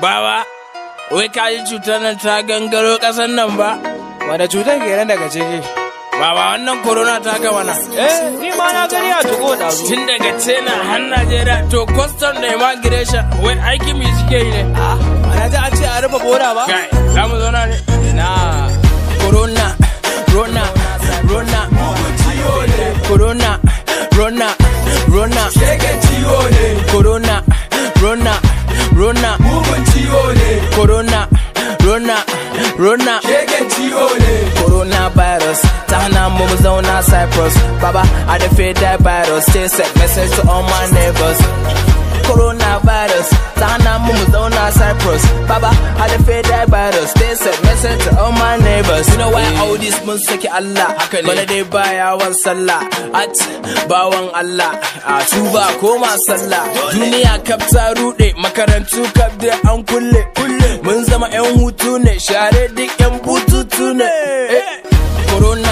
ba wai ka yi cutar nan ta gangaro ƙasar nan ba? Wanda cutar nan daga ciki? ba wannan corona ta gama na. Eh, ni ma na gani a tuko da su. Tun daga na har Najeriya to custom da immigration wai aiki mai suke yi ne. Ah, ana ji an ce a rufe bora ba? Kai, za mu zauna ne. Na corona, corona, corona, corona, corona, corona, Rona, Rona, Rona, Rona, Rona, Rona, Rona, Rona, virus. Baba, I defeat that virus. Stay safe, message to all my neighbors. Coronavirus, Tana Mumu, Dona Cyprus. Baba, I defeat that virus. Stay safe, message to all my neighbors. You know why all these months take Allah? Bana dai baya wan sallah, at bawan Allah. A ah, tuba koma sallah. Duniya Kapta rude, makarantu kaf de an Munzama Mun zama share duk 'yan Tune. Eh. Corona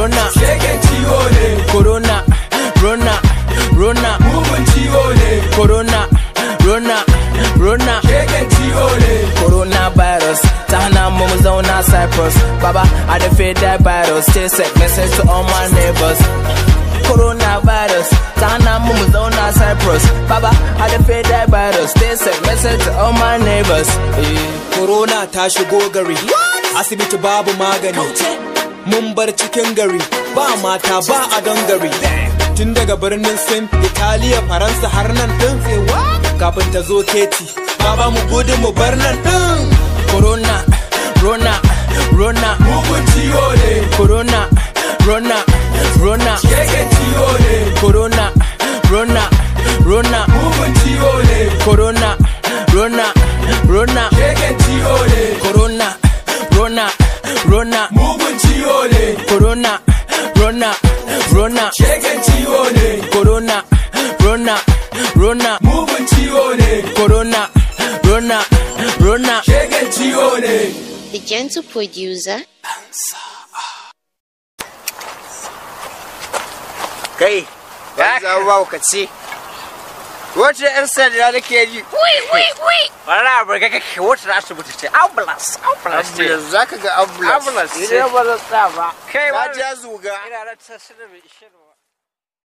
rona shegen corona rona rona mugun ciwo ne corona rona rona shegen ciwo ne corona virus ta hana cyprus baba i dey that virus stay safe message to all my neighbors coronavirus. Tana mumu zona Cyprus. Baba, I dey that virus. Stay safe. Message to all my neighbors. Corona ta shigo gari. to babu magani. Eh? mun bar cikin gari ba mata ba a gangare tun daga birnin sin italiya faransa har nan din kafin ta zo keti ba ba mu gudun mu bar nan din corona rona rona mugun ciwo ne corona rona rona cikin ciwo ne corona rona rona mugun ciwo ne corona Rona, Rona, mugun ciwo ne. Corona, Rona, Rona, shegen ciwo ne. Corona, Rona, Rona, mugun ciwo Corona, Rona, Rona, shegen ciwo The gentle producer. Kai, ya ka ce. wacce yar sanda da ke yi wui wui wui wala abu ga kake wata da asibiti ce ambulance ambulance ce zaka ga ambulance ambulance ne ba zan tsaya ba kai ba ta zuga ina da tasirin ishin